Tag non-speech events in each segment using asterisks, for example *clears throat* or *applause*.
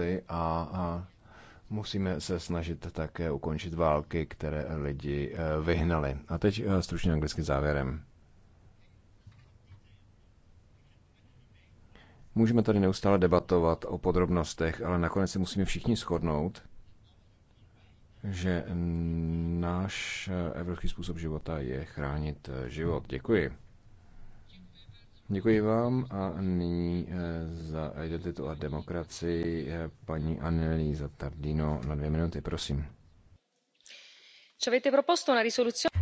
a, a musíme se snažit také ukončit války, které lidi eh, vyhnali. A teď eh, stručně anglicky závěrem. Můžeme tady neustále debatovat o podrobnostech, ale nakonec se musíme všichni shodnout, že náš eh, evropský způsob života je chránit život. Děkuji. Děkuji vám a nyní eh, za identitu a demokracii eh, paní Annelí Tardino na dvě minuty, prosím.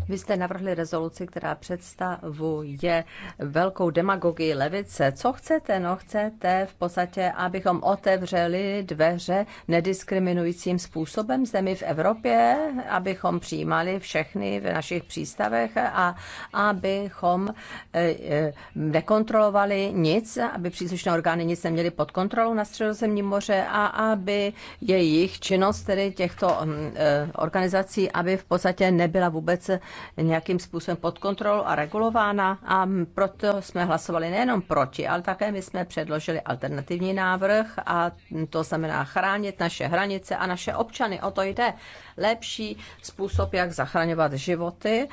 Vy jste navrhli rezoluci, která představuje velkou demagogii levice. Co chcete? No chcete v podstatě, abychom otevřeli dveře nediskriminujícím způsobem zemi v Evropě, abychom přijímali všechny v našich přístavech a abychom eh, eh, nekontrolovali nic, aby příslušné orgány nic neměly pod kontrolou na středozemním moře a aby jejich činnost, tedy těchto mm, eh, organizací, aby v podstatě nebyla vůbec nějakým způsobem pod kontrolou a regulována a proto jsme hlasovali nejenom proti, ale také my jsme předložili alternativní návrh a to znamená chránit naše hranice a naše občany. O to jde. Lepší způsob, jak zachraňovat životy.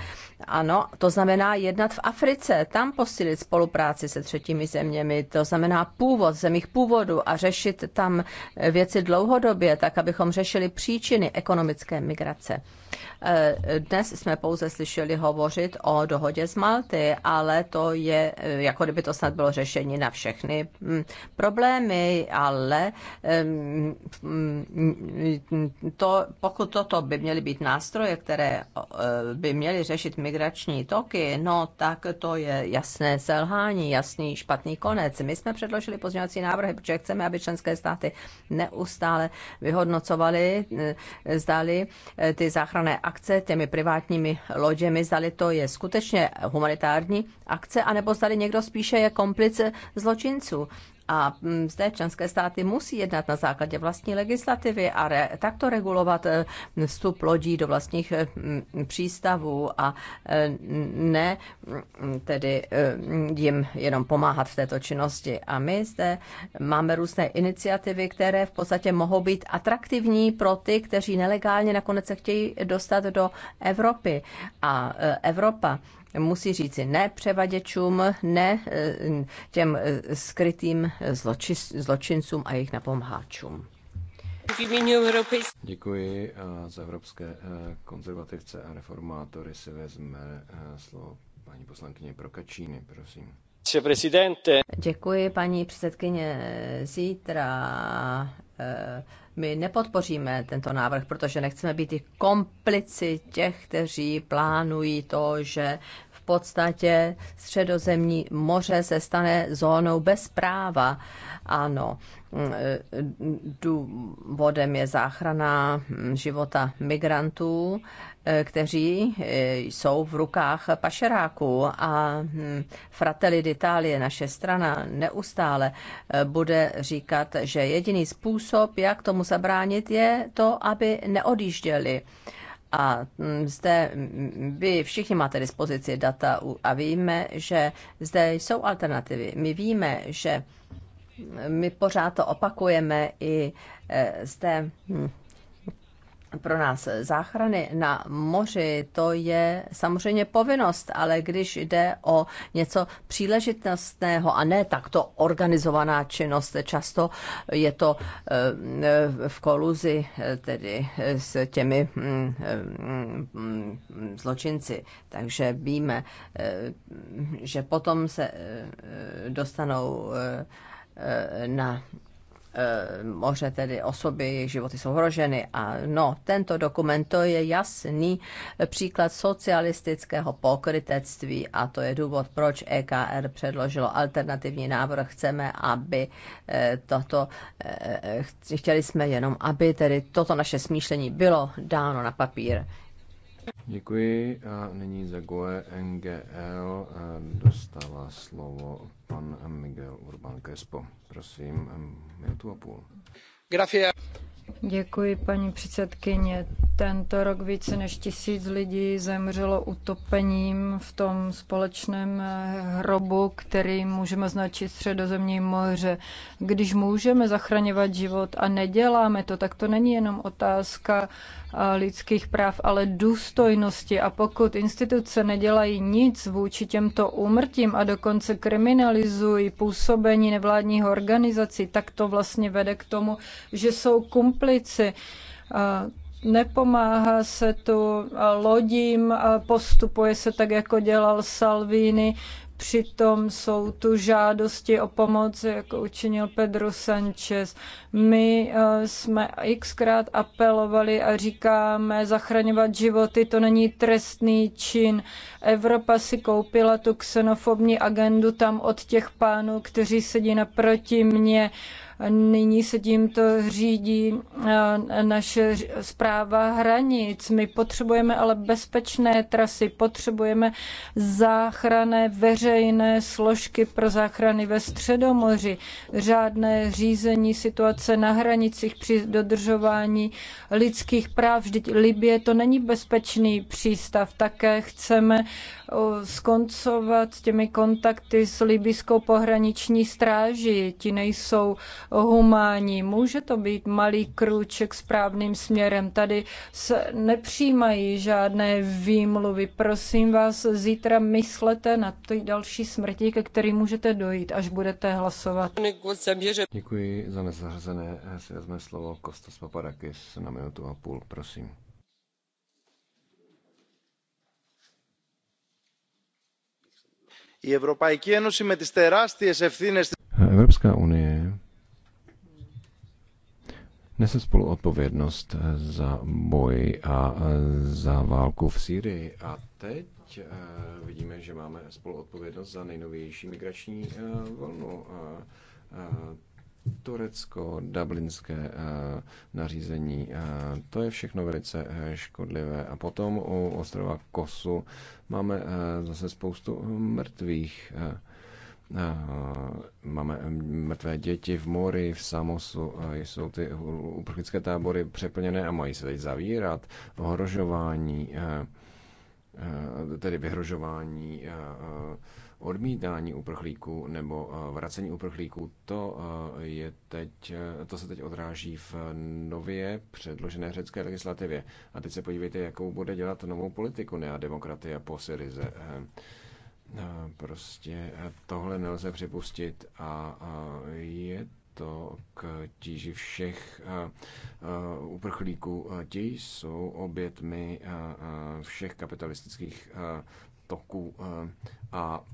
Ano, to znamená jednat v Africe, tam posílit spolupráci se třetími zeměmi, to znamená původ, zemích původu a řešit tam věci dlouhodobě, tak abychom řešili příčiny ekonomické migrace. Eh, dnes jsme pouze slyšeli hovořit o dohodě z Malty, ale to je, eh, jako kdyby to snad bylo řešení na všechny hm, problémy, ale hm, hm, to, pokud toto by měly být nástroje, které eh, by měly řešit migrační toky, no tak to je jasné selhání, jasný špatný konec. My jsme předložili pozměňovací návrhy, protože chceme, aby členské státy neustále vyhodnocovaly, zdali ty záchrany záchranné akce těmi privátními loděmi, zdali to je skutečně humanitární akce, anebo zdali někdo spíše je komplice zločinců. A mm, zde členské státy musí jednat na základě vlastní legislativy a re, takto regulovat e, vstup lodí do vlastních e, mm, přístavů a e, ne mm, tedy jim jenom pomáhat v této činnosti. A my zde máme různé iniciativy, které v podstatě mohou být atraktivní pro ty, kteří nelegálně nakonec se chtějí dostat do Evropy. A Evropa musí říci ne převaděčům, ne eh, těm eh, skrytým eh, zloči, zločincům a jejich napomáháčům. Děkuji a za evropské konzervativce a reformátory si vezme slovo paní poslankyně Prokačíny, prosím. Děkuji, paní předsedkyně. Zítra my nepodpoříme tento návrh, protože nechceme být i komplici těch, kteří plánují to, že podstatě středozemní moře se stane zónou bez práva. Ano, důvodem je záchrana života migrantů, kteří jsou v rukách pašeráků a Fratelli d'Italie, naše strana, neustále bude říkat, že jediný způsob, jak tomu zabránit, je to, aby neodjížděli. A mm, zde mm, vy všichni máte dispozici data a víme, že zde jsou alternativy. My víme, že mm, my pořád to opakujeme i e, zde pro nás záchrany na moři, to je samozřejmě povinnost, ale když jde o něco příležitostného a ne takto organizovaná činnost, často je to eh, eh, v koluzi eh, tedy s těmi mm, mm, zločinci. Takže víme, že potom se dostanou na Eh, moře, tedy osoby, jejich životy jsou ohroženy. A no, tento dokument to je jasný příklad socialistického pokrytectví a to je důvod, proč EKR předložilo alternativní návrh. Chceme, aby eh, toto, eh, chtěli jsme jenom, aby tedy toto naše smýšlení bylo dáno na papír. Děkuji a nyní za GOE NGL eh, dostává slovo pan Miguel Urban Crespo. Prosím, eh, minutu a půl. Gracias. Děkuji, paní předsedkyně. Tento rok více než tisíc lidí zemřelo utopením v tom společném hrobu, který můžeme značit středozemní moře. Když můžeme zachraňovat život a neděláme to, tak to není jenom otázka lidských práv, ale důstojnosti. A pokud instituce nedělají nic vůči těmto úmrtím a dokonce kriminalizují působení nevládních organizací, tak to vlastně vede k tomu, že jsou kum komplici. Nepomáhá se tu lodím, postupuje se tak, jako dělal Salvini. Přitom jsou tu žádosti o pomoc, jako učinil Pedro Sanchez. My jsme xkrát apelovali a říkáme, zachraňovat životy, to není trestný čin. Evropa si koupila tu xenofobní agendu tam od těch pánů, kteří sedí naproti mně Nyní se tímto řídí eh, naše zpráva hranic. My potřebujeme ale bezpečné trasy, potřebujeme záchrané veřejné složky pro záchrany ve Středomoři, řádné řízení situace na hranicích při dodržování lidských práv. Vždyť Libie to není bezpečný přístav. Také chceme skoncovat s těmi kontakty s libyskou pohraniční stráží. Ti nejsou humánní. Může to být malý krůček správným směrem. Tady se nepřijímají žádné výmluvy. Prosím vás, zítra myslete na ty další smrti, ke kterým můžete dojít, až budete hlasovat. Děkuji za nezahrzené. Si vezme slovo Kostas Papadakis na minutu a půl, prosím. Evropská unie nese spolu odpovědnost eh, za boj a eh, za válku v Sýrii. A teď eh, vidíme, že máme spolu odpovědnost za nejnovější migrační vlnu. Turecko, dublinské nařízení, to je všechno velice škodlivé. A potom u ostrova Kosu máme zase spoustu mrtvých. Eh, máme eh, mrtvé děti v mori, v Samosu, eh, jsou ty uprchlické tábory přeplněné a mají se teď zavírat. Ohrožování, tedy vyhrožování, odmítání uprchlíků nebo vracení uprchlíků, to, je teď, to se teď odráží v nově předložené řecké legislativě. A teď se podívejte, jakou bude dělat novou politiku Nea Demokratie po Syrize. Prostě tohle nelze připustit a je to k tíži všech uprchlíků. Ti jsou obětmi všech kapitalistických toků a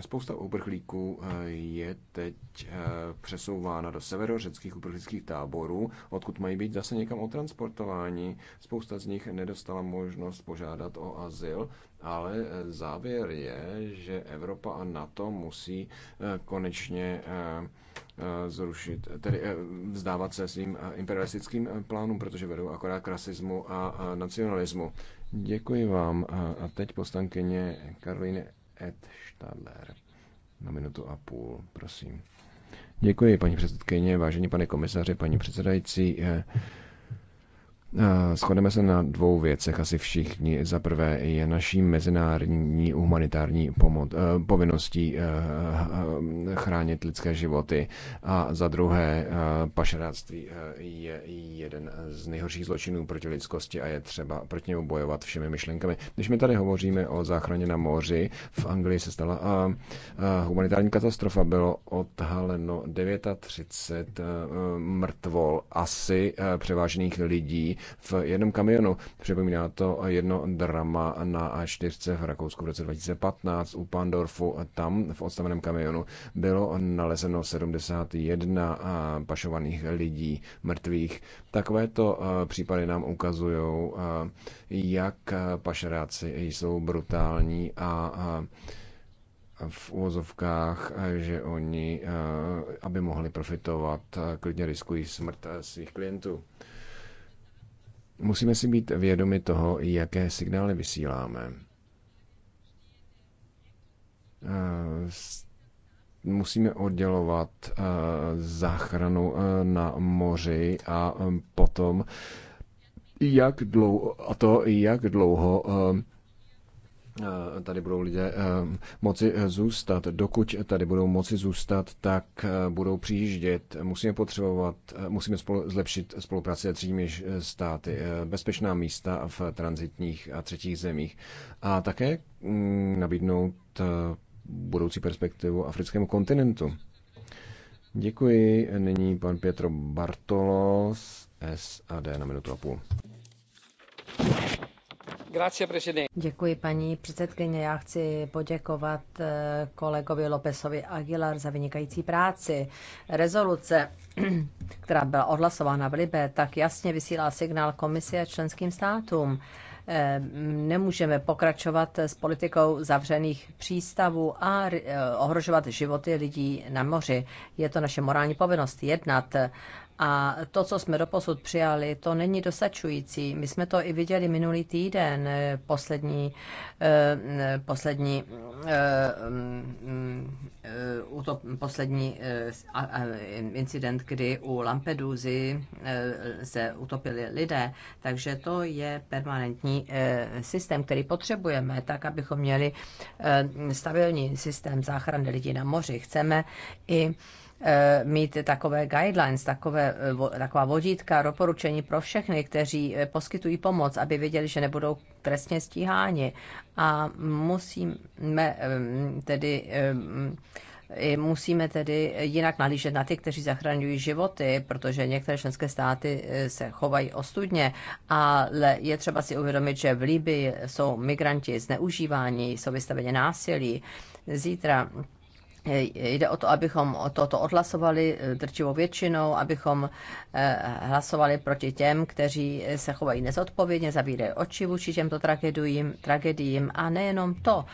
Spousta uprchlíků eh, je teď eh, přesouvána do severořeckých uprchlických táborů, odkud mají být zase někam otransportováni. Spousta z nich nedostala možnost požádat o azyl, ale eh, závěr je, že Evropa a NATO musí konečně zrušit, tedy vzdávat se svým imperialistickým plánům, protože vedou akorát k rasismu a nacionalismu. Děkuji vám. A teď poslankyně Karoline Ed Stadler. Na minutu a půl, prosím. Děkuji, paní předsedkyně, vážení pane komisaři, paní předsedající. Eh, Eh, Shodeme se na dvou věcech asi všichni. Za prvé je naší mezinárodní humanitární pomoc, eh, povinností eh, chránit lidské životy a za druhé pašeráctví je jeden z nejhorších zločinů proti lidskosti a je třeba proti němu bojovat všemi myšlenkami. Když my tady hovoříme o záchraně na moři, v Anglii se stala humanitární katastrofa. Bylo odhaleno 39 mrtvol asi převážených lidí v jednom kamionu. Připomíná to jedno drama na A4 v Rakousku v roce 2015 u Pandorfu. Tam v odstaveném kamionu bylo nalezeno 71 pašovaných lidí mrtvých. Takovéto případy nám ukazují, jak pašeráci jsou brutální a v úvozovkách, že oni, aby mohli profitovat, klidně riskují smrt svých klientů. Musíme si být vědomi toho, jaké signály vysíláme. Musíme oddělovat záchranu na moři a potom jak dlouho, a to jak dlouho Eh, tady budou lidé eh, moci eh, zůstat. Dokud tady budou moci zůstat, tak budou přijíždět. Musíme potřebovat, musíme spolu, zlepšit spolupráci s třetími státy, bezpečná místa v transitních a třetích zemích a také mm, nabídnout budoucí perspektivu africkému kontinentu. Děkuji. Nyní pan Pietro Bartolos, SAD na minutu a půl. Děkuji, paní předsedkyně. Já chci poděkovat eh, kolegovi Lopesovi Aguilar za vynikající práci. Rezoluce, *clears throat* která byla odhlasována v Libe, tak jasně vysílá signál komisi a členským státům eh, nemůžeme pokračovat s politikou zavřených přístavů a eh, ohrožovat životy lidí na moři. Je to naše morální povinnost jednat a to, co jsme doposud přijali, to není dosačující. My jsme to i viděli minulý týden, poslední, poslední, poslední incident, kdy u Lampedusy eh, se utopili lidé. Takže to je permanentní eh, systém, který potřebujeme, tak abychom měli eh, stabilní systém záchrany lidí na moři. Chceme i Eh, mít takové guidelines, takové, eh, taková vodítka, doporučení pro všechny, kteří eh, poskytují pomoc, aby věděli, že nebudou trestně stíháni. A musíme tedy musíme tedy jinak nalížet na ty, kteří zachraňují životy, protože některé členské státy se chovají ostudně, ale je třeba si uvědomit, že v Libii jsou migranti zneužíváni, jsou vystaveni násilí. Zítra Eh, jde o to, abychom toto odhlasovali eh, drtivou většinou, abychom eh, hlasovali proti těm, kteří se chovají nezodpovědně, zavírají oči vůči těmto tragediím, tragediím. A nejenom to,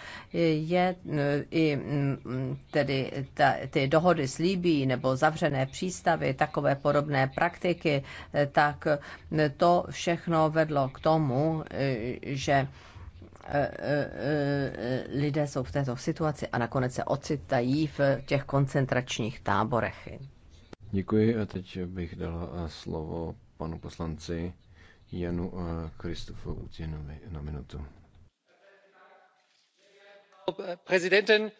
je i mm, tedy ta, ty dohody s Líbí nebo zavřené přístavy, takové podobné praktiky, tak to všechno vedlo k tomu, že Eh, eh, eh, lidé jsou v této situaci a nakonec se ocitají v těch koncentračních táborech. Děkuji a teď bych dal slovo panu poslanci Janu Kristofu Utinovi na minutu. Prezidentin.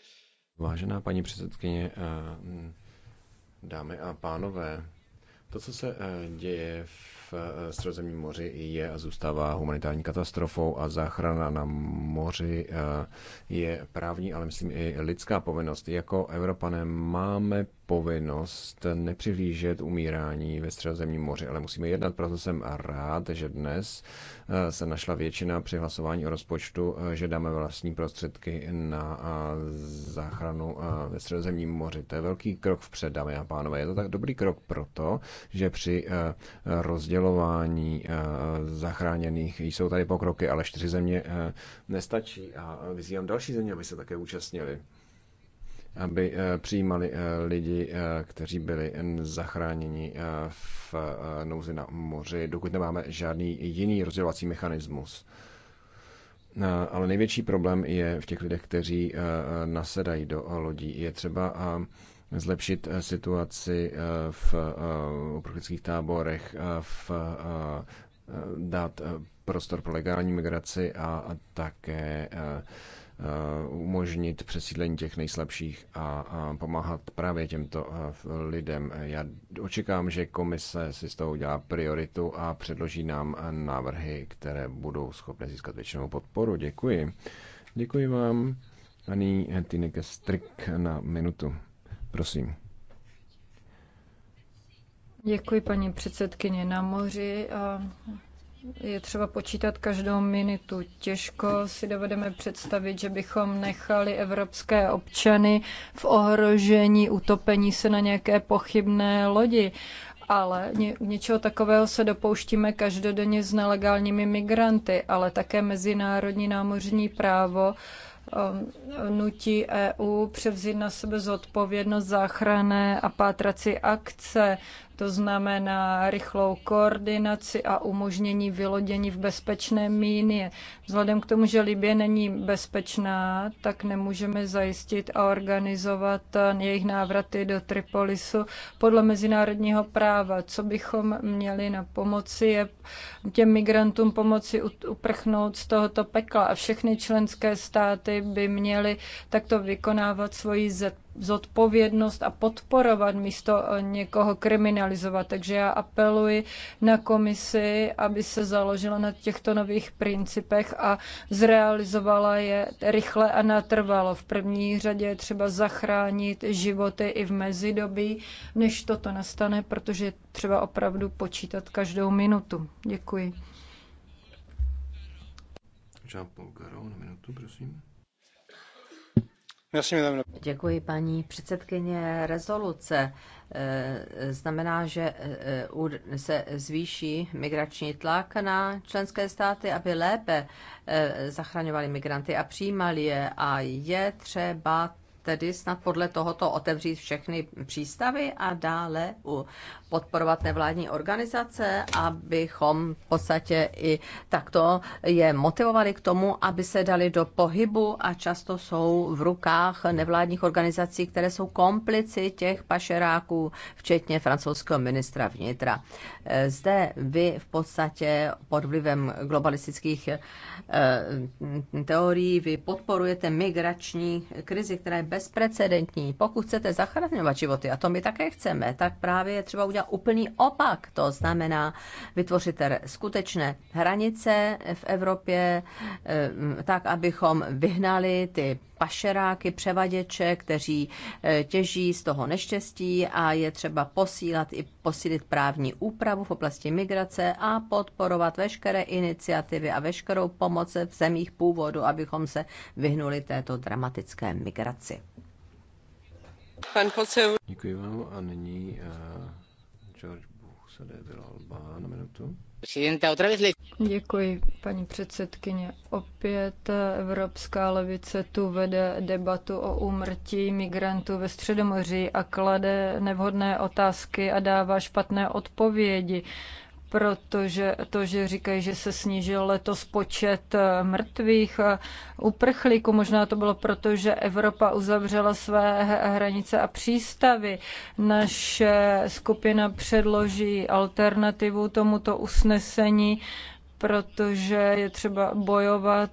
Vážená paní předsedkyně, dámy a pánové, to, co se děje v Eh, Středozemním moři je a zůstává humanitární katastrofou a záchrana na moři eh, je právní, ale myslím i lidská povinnost. Jako Evropané máme povinnost nepřihlížet umírání ve Středozemním moři, ale musíme jednat. Proto jsem rád, že dnes eh, se našla většina při hlasování o rozpočtu, že dáme vlastní prostředky na záchranu ve Středozemním moři. To je velký krok vpřed, dámy a pánové. Je to tak dobrý krok proto, že při rozdělu rozdělování eh, zachráněných. Jsou tady pokroky, ale čtyři země eh, nestačí a vyzývám další země, aby se také účastnili aby eh, přijímali lidi, kteří byli zachráněni v nouzi na moři, dokud nemáme žádný jiný rozdělovací mechanismus. Ale největší problém je v těch lidech, kteří nasedají do lodí. Je třeba zlepšit eh, situaci eh, v eh, uprchlických táborech, v dát prostor pro legální migraci a také umožnit přesídlení těch nejslabších a pomáhat právě těmto lidem. Já očekám, že komise si z toho udělá prioritu a předloží nám návrhy, které budou schopné získat většinou podporu. Děkuji. Děkuji vám. Ani Tineke Strik na minutu. Prosím. Děkuji, paní předsedkyně. Na moři a je třeba počítat každou minutu. Těžko si dovedeme představit, že bychom nechali evropské občany v ohrožení utopení se na nějaké pochybné lodi. Ale ně, něčeho takového se dopouštíme každodenně s nelegálními migranty, ale také mezinárodní námořní právo Um, nutí EU převzít na sebe zodpovědnost záchranné a pátrací akce to znamená rychlou koordinaci a umožnění vylodění v bezpečné míně. Vzhledem k tomu, že Libie není bezpečná, tak nemůžeme zajistit a organizovat jejich návraty do Tripolisu podle mezinárodního práva. Co bychom měli na pomoci je těm migrantům pomoci uprchnout z tohoto pekla a všechny členské státy by měly takto vykonávat svoji zodpovědnost zodpovědnost a podporovat místo eh, někoho kriminalizovat. Takže já apeluji na komisi, aby se založila na těchto nových principech a zrealizovala je rychle a natrvalo. V první řadě je třeba zachránit životy i v mezidobí, než toto nastane, protože třeba opravdu počítat každou minutu. Děkuji. Jean-Paul Garo na minutu, prosím. Děkuji, paní předsedkyně. Rezoluce eh, znamená, že eh, se zvýší migrační tlak na členské státy, aby lépe eh, zachraňovali migranty a přijímali je. A je třeba tedy snad podle tohoto otevřít všechny přístavy a dále podporovat nevládní organizace, abychom v podstatě i takto je motivovali k tomu, aby se dali do pohybu a často jsou v rukách nevládních organizací, které jsou komplici těch pašeráků, včetně francouzského ministra vnitra. Eh, zde vy v podstatě pod vlivem globalistických eh, teorií vy podporujete migrační krizi, která je bezprecedentní. Pokud chcete zachraňovat životy, a to my také chceme, tak právě je třeba udělat úplný opak. To znamená vytvořit skutečné hranice v Evropě, eh, tak, abychom vyhnali ty pašeráky, převaděče, kteří eh, těží z toho neštěstí a je třeba posílat i posílit právní úpravu v oblasti migrace a podporovat veškeré iniciativy a veškerou pomoc v zemích původu, abychom se vyhnuli této dramatické migraci. Děkuji vám a nyní uh, George na minutu. Děkuji, paní předsedkyně. Opět Evropská levice tu vede debatu o úmrtí migrantů ve Středomoří a klade nevhodné otázky a dává špatné odpovědi protože to, že říkají, že se snížil letos počet eh, mrtvých eh, uprchlíků, možná to bylo proto, že Evropa uzavřela své hranice a přístavy. Naše skupina předloží alternativu tomuto usnesení, protože je třeba bojovat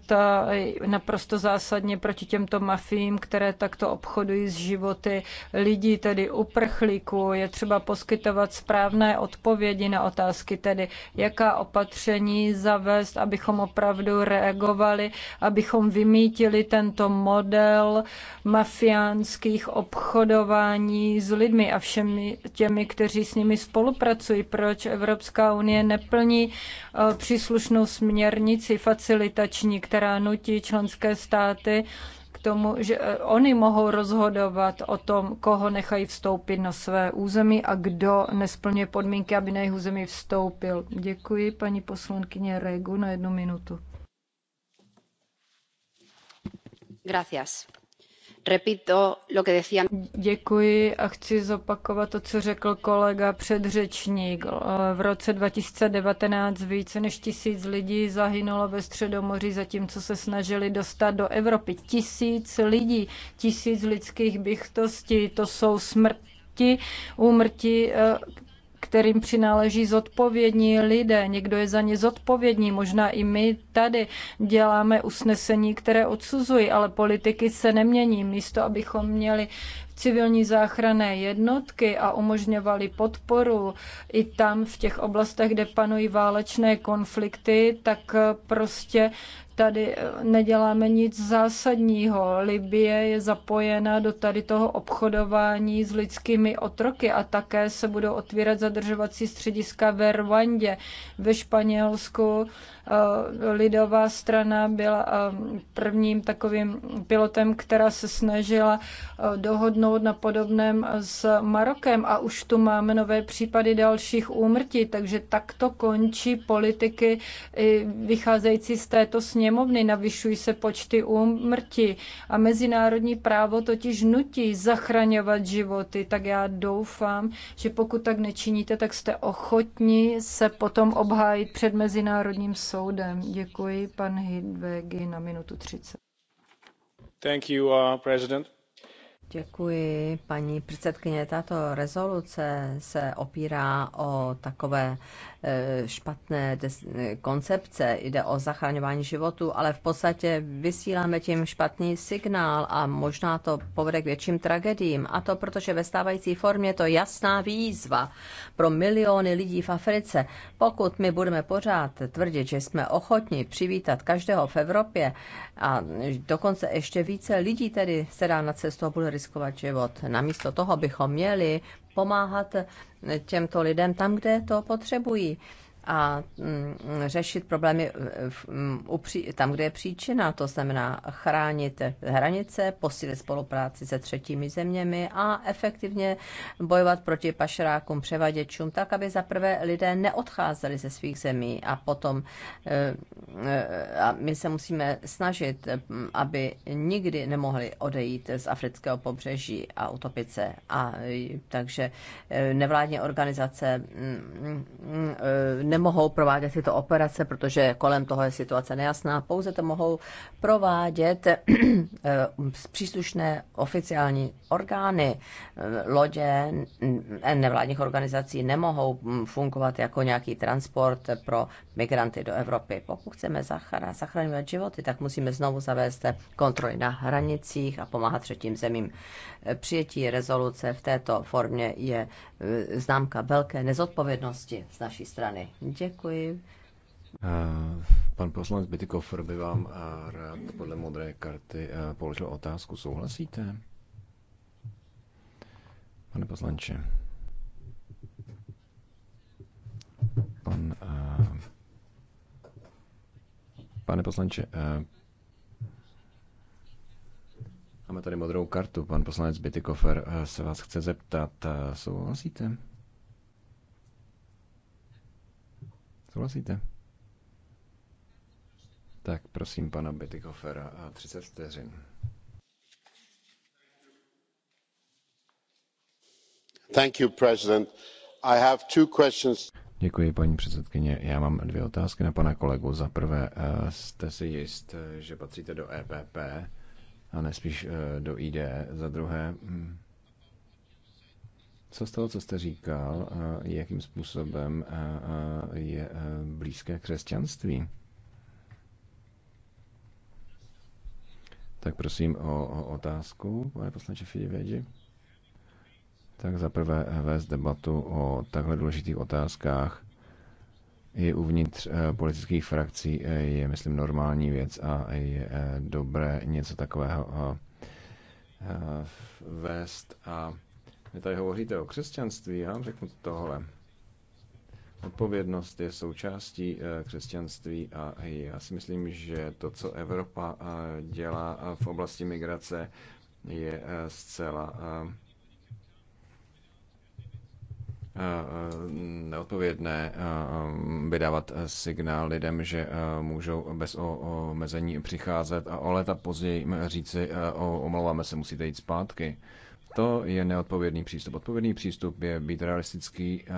naprosto zásadně proti těmto mafím, které takto obchodují s životy lidí, tedy uprchlíků. Je třeba poskytovat správné odpovědi na otázky, tedy jaká opatření zavést, abychom opravdu reagovali, abychom vymítili tento model mafiánských obchodování s lidmi a všemi těmi, kteří s nimi spolupracují. Proč Evropská unie neplní eh, příslušné příslušnou směrnici facilitační, která nutí členské státy k tomu, že eh, oni mohou rozhodovat o tom, koho nechají vstoupit na své území a kdo nesplňuje podmínky, aby na jejich území vstoupil. Děkuji paní poslankyně Regu na jednu minutu. Gracias Repito lo que Děkuji a chci zopakovat to, co řekl kolega předřečník. V roce 2019 více než tisíc lidí zahynulo ve Středomoří, zatímco se snažili dostat do Evropy. Tisíc lidí, tisíc lidských bychtostí, to jsou smrti, úmrtí, eh, kterým přináleží zodpovědní lidé. Někdo je za ně zodpovědný, možná i my tady děláme usnesení, které odsuzují, ale politiky se nemění. Místo, abychom měli civilní záchranné jednotky a umožňovali podporu i tam v těch oblastech, kde panují válečné konflikty, tak prostě tady eh, neděláme nic zásadního. Libie je zapojena do tady toho obchodování s lidskými otroky a také se budou otvírat zadržovací střediska ve Rwandě. Ve Španělsku eh, lidová strana byla eh, prvním takovým pilotem, která se snažila dohodnout na podobném s Marokem a už tu máme nové případy dalších úmrtí, takže takto končí politiky vycházející z této sněmy sněmovny, navyšují se počty úmrtí a mezinárodní právo totiž nutí zachraňovat životy. Tak já doufám, že pokud tak nečiníte, tak jste ochotní se potom obhájit před Mezinárodním soudem. Děkuji, pan Hidvegi, na minutu 30. Thank you, uh, President. Děkuji, paní předsedkyně. Tato rezoluce se opírá o takové Eh, špatné eh, koncepce, jde o zachraňování životu, ale v podstatě vysíláme tím špatný signál a možná to povede k větším tragédiím. A to protože ve stávající formě je to jasná výzva pro miliony lidí v Africe. Pokud my budeme pořád tvrdit, že jsme ochotni přivítat každého v Evropě a dokonce ještě více lidí tedy se dá na cestu a bude riskovat život, namísto toho bychom měli pomáhat těmto lidem tam, kde to potřebují a mm, řešit problémy tam, kde je příčina, to znamená chránit hranice, posílit spolupráci se třetími zeměmi a efektivně bojovat proti pašerákům, převaděčům, tak, aby zaprvé lidé neodcházeli ze svých zemí a potom e, e, a my se musíme snažit, aby nikdy nemohli odejít z afrického pobřeží a utopit se. A e, takže nevládní organizace mm, mm, nemohou provádět tyto operace, protože kolem toho je situace nejasná. Pouze to mohou provádět eh, příslušné oficiální orgány. Eh, lodě eh, nevládních organizací nemohou hm, fungovat jako nějaký transport pro migranty do Evropy. Pokud chceme zachraňovat životy, tak musíme znovu zavést kontroly na hranicích a pomáhat třetím zemím. Přijetí rezoluce v této formě je známka velké nezodpovědnosti z naší strany. Děkuji. Eh, pan poslanec Bytykofr by vám eh, rád podle modré karty eh, položil otázku. Souhlasíte? Pane poslanče. Pan, pane poslanče, máme tady modrou kartu. Pan poslanec Bytykofer se vás chce zeptat. Souhlasíte? Souhlasíte? Tak prosím pana Betikofera a 30 vteřin. Thank you, President. I have two questions. Děkuji, paní předsedkyně. Já mám dvě otázky na pana kolegu. Za prvé, eh, jste si jist, eh, že patříte do EPP a nespíš eh, do ID? E? Za druhé, hm, co z toho, co jste říkal, jakým způsobem je blízké křesťanství? Tak prosím o, o otázku, pane poslanče Fidivědi. Tak zaprvé vést debatu o takhle důležitých otázkách i uvnitř e, politických frakcí e, je, myslím, normální věc a je e, dobré něco takového vést a vy tady hovoříte o křesťanství, já vám řeknu tohle. Odpovědnost je součástí eh, křesťanství a já si myslím, že to, co Evropa eh, dělá eh, v oblasti migrace, je zcela neodpovědné vydávat signál lidem, že můžou bez omezení přicházet a o léta později hm, říci, omlouváme se, musíte jít zpátky. To je neodpovědný přístup. Odpovědný přístup je být realistický eh,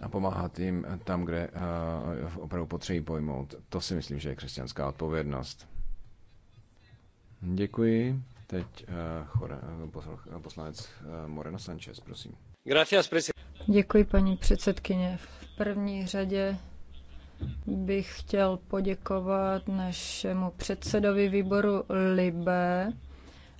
a pomáhat jim tam, kde eh, opravdu potřebují pojmout. To si myslím, že je křesťanská odpovědnost. Děkuji. Teď eh, poslanec Moreno Sanchez, prosím. Děkuji, paní předsedkyně. V první řadě bych chtěl poděkovat našemu předsedovi výboru Libe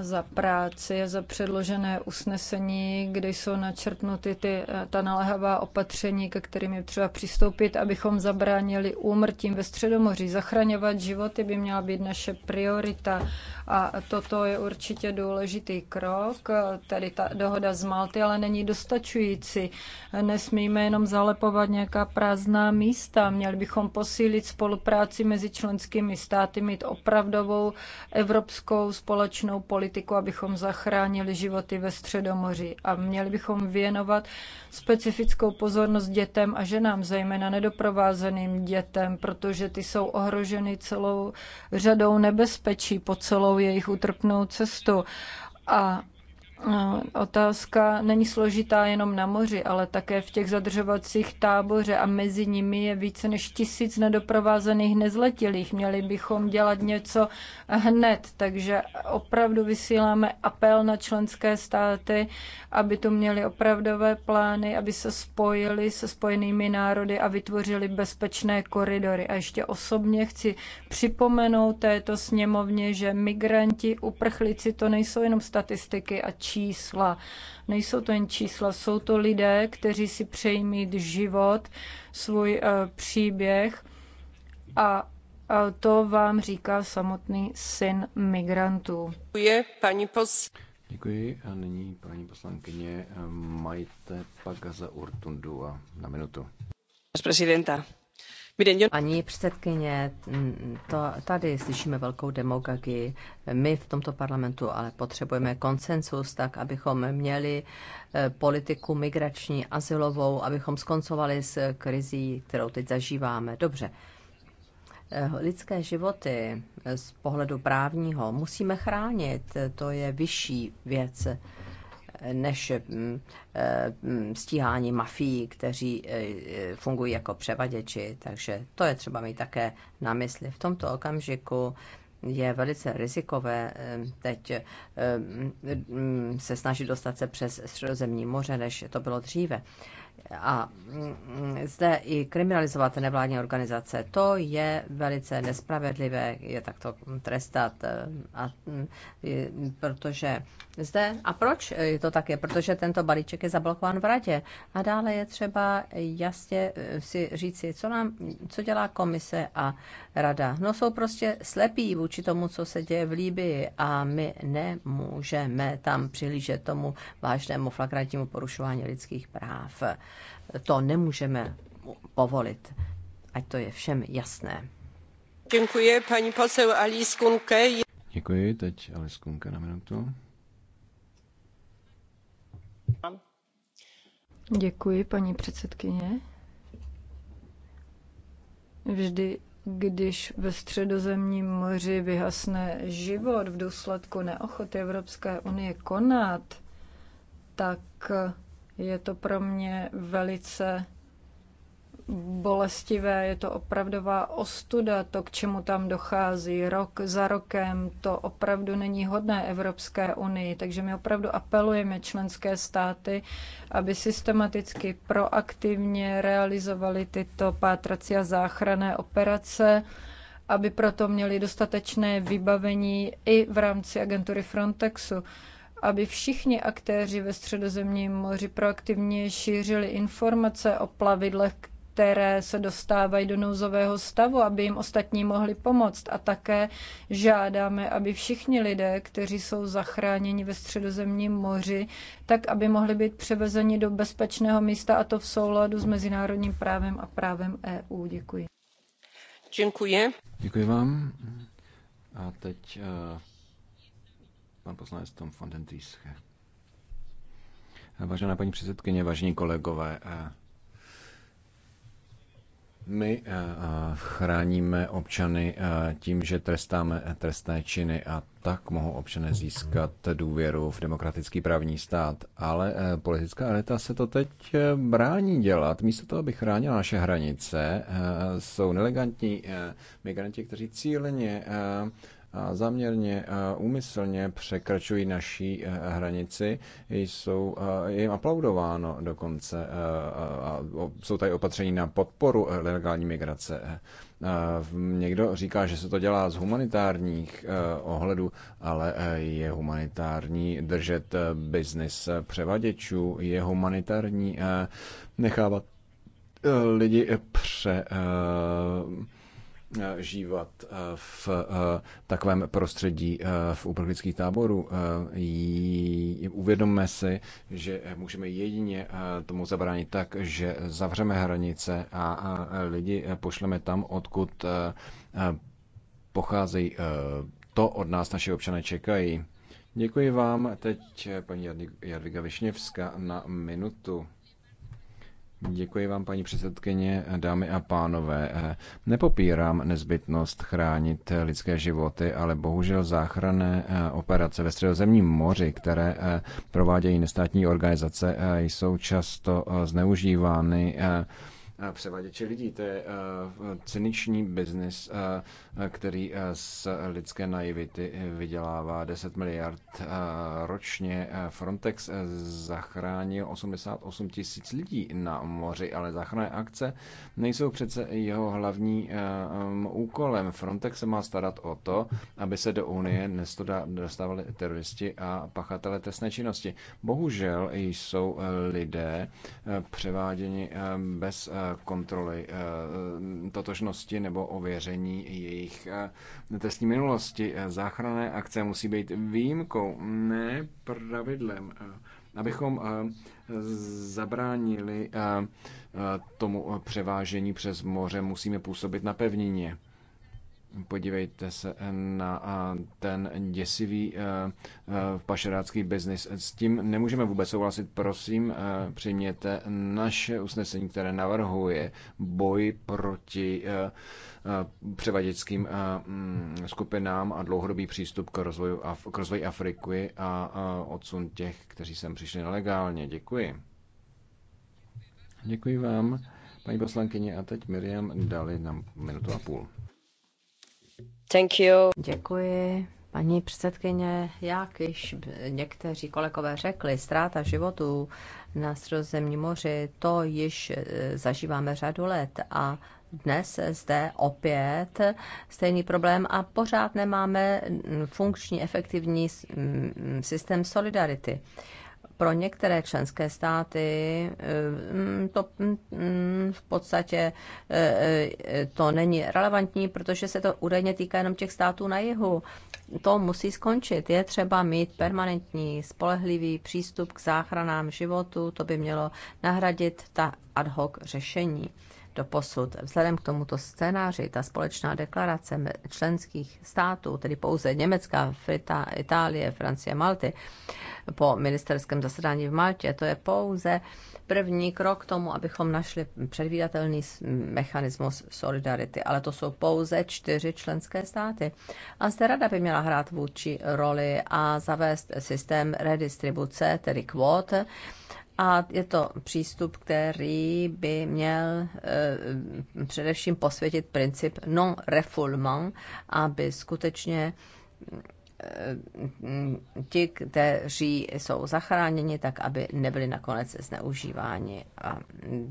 za práci a za předložené usnesení, kde jsou načrtnuty ty, eh, ta naléhavá opatření, ke kterým je třeba přistoupit, abychom zabránili úmrtím ve Středomoří. Zachraňovat životy by měla být naše priorita a toto je určitě důležitý krok. Tady ta dohoda z Malty, ale není dostačující. Nesmíme jenom zalepovat nějaká prázdná místa. Měli bychom posílit spolupráci mezi členskými státy, mít opravdovou evropskou společnou politiku politiku, abychom zachránili životy ve Středomoří. A měli bychom věnovat specifickou pozornost dětem a ženám, zejména nedoprovázeným dětem, protože ty jsou ohroženy celou řadou nebezpečí po celou jejich utrpnou cestu. A Otázka není složitá jenom na moři, ale také v těch zadržovacích táboře a mezi nimi je více než tisíc nedoprovázených nezletilých. Měli bychom dělat něco hned, takže opravdu vysíláme apel na členské státy, aby tu měli opravdové plány, aby se spojili se spojenými národy a vytvořili bezpečné koridory. A ještě osobně chci připomenout této sněmovně, že migranti, uprchlíci, to nejsou jenom statistiky a čísla. Nejsou to jen čísla, jsou to lidé, kteří si přejí mít život, svůj eh, příběh a to vám říká samotný syn migrantů. Děkuji, paní pos... Děkuji a nyní paní poslankyně eh, Majte Pagaza a na minutu. Prezidenta. Paní předsedkyně, mm, to, tady slyšíme velkou demagogii. My v tomto parlamentu ale potřebujeme konsensus, tak abychom měli e, politiku migrační, asilovou, abychom skoncovali s krizí, kterou teď zažíváme. Dobře, e, lidské životy e, z pohledu právního musíme chránit, to je vyšší věc než eh, mm, stíhání mafií, kteří eh, fungují jako převaděči. Takže to je třeba mít také na mysli. V tomto okamžiku je velice rizikové eh, teď mm, se snažit dostat se přes Středozemní moře, než to bylo dříve a mm, mm, zde i kriminalizovat nevládní organizace, to je velice nespravedlivé, je takto trestat, a, mm, protože zde, a proč je to tak je, protože tento balíček je zablokován v radě a dále je třeba jasně eh, si říci, co, nám, co dělá komise a rada. No jsou prostě slepí vůči tomu, co se děje v Líbii a my nemůžeme tam přihlížet tomu vážnému flagrantnímu porušování lidských práv to nemůžeme povolit. Ať to je všem jasné. Děkuji, paní posel Alice Kunke. Děkuji, teď Alice Kunke na minutu. Děkuji, paní předsedkyně. Vždy, když ve středozemním moři vyhasne život v důsledku neochoty Evropské unie konat, tak je to pro mě velice bolestivé, je to opravdová ostuda, to, k čemu tam dochází rok za rokem, to opravdu není hodné Evropské unii, takže my opravdu apelujeme členské státy, aby systematicky proaktivně realizovali tyto pátrací a záchranné operace, aby proto měli dostatečné vybavení i v rámci agentury Frontexu aby všichni aktéři ve středozemním moři proaktivně šířili informace o plavidlech, které se dostávají do nouzového stavu, aby jim ostatní mohli pomoct. A také žádáme, aby všichni lidé, kteří jsou zachráněni ve středozemním moři, tak aby mohli být převezeni do bezpečného místa a to v souladu s mezinárodním právem a právem EU. Děkuji. Děkuji. Děkuji vám. A teď uh pan poslanec Tom van den Driesche. Vážená paní předsedkyně, vážení kolegové, eh, my eh, eh, chráníme občany tím, že trestáme trestné činy a tak mohou občané získat důvěru v demokratický právní stát. Ale politická elita se to teď brání dělat. Místo toho, aby chránila naše hranice, jsou nelegantní migranti, kteří cíleně záměrně, úmyslně překračují naší e, hranici, jsou jim aplaudováno dokonce. E, jsou tady opatření na podporu e, legální migrace. Někdo říká, že se to dělá z humanitárních ohledů, ale je humanitární držet biznis převaděčů, je humanitární nechávat lidi pře Eh, žívat eh, v eh, takovém prostředí v uprchlických táborů. Uvědomme si, že můžeme jedině tomu zabránit tak, že zavřeme hranice a lidi pošleme tam, odkud pocházejí. To od nás naši občané čekají. Děkuji vám. Teď paní Jadviga Višněvská na minutu. Děkuji vám, paní předsedkyně, dámy a pánové. Nepopírám nezbytnost chránit lidské životy, ale bohužel záchranné eh, operace ve středozemním moři, které eh, provádějí nestátní organizace, eh, jsou často zneužívány převaděče lidí. To je eh, cyniční biznis, eh, který eh, z lidské naivity vydělává 10 miliard ročně. Frontex zachránil 88 tisíc lidí na moři, ale záchranné akce nejsou přece jeho hlavní úkolem. Frontex se má starat o to, aby se do Unie dostávali teroristi a pachatele trestné činnosti. Bohužel jsou lidé převáděni bez Eh, kontroly eh, totožnosti nebo ověření jejich eh, testní minulosti. Záchranné akce musí být výjimkou, ne pravidlem abychom zabránili tomu převážení přes moře, musíme působit na pevnině. Podívejte se na ten děsivý pašerácký biznis. S tím nemůžeme vůbec souhlasit. Prosím, přijměte naše usnesení, které navrhuje boj proti převaděčským mm, skupinám a dlouhodobý přístup k, rozvoju, k rozvoji Afriky a odsun těch, kteří sem přišli nelegálně. Děkuji. Děkuji vám, paní poslankyně. A teď Miriam dali nám minutu a půl. Thank you. Děkuji. Paní předsedkyně, jak již někteří kolegové řekli, ztráta životů na Středozemní moři, to již e, zažíváme řadu let a dnes zde opět stejný problém a pořád nemáme funkční, efektivní systém solidarity pro některé členské státy eh, to mm, v podstatě eh, to není relevantní, protože se to údajně týká jenom těch států na jihu. To musí skončit. Je třeba mít permanentní, spolehlivý přístup k záchranám životu. To by mělo nahradit ta ad hoc řešení do posud. Vzhledem k tomuto scénáři, ta společná deklarace členských států, tedy pouze Německa, Frita, Itálie, Francie, Malty, po ministerském zasedání v Maltě, to je pouze první krok k tomu, abychom našli předvídatelný mechanismus solidarity. Ale to jsou pouze čtyři členské státy. A zde rada by měla hrát vůči roli a zavést systém redistribuce, tedy kvót, a je to přístup, který by měl eh, především posvětit princip non-refoulement, aby skutečně Eh, ti, kteří jsou zachráněni, tak aby nebyli nakonec zneužíváni. A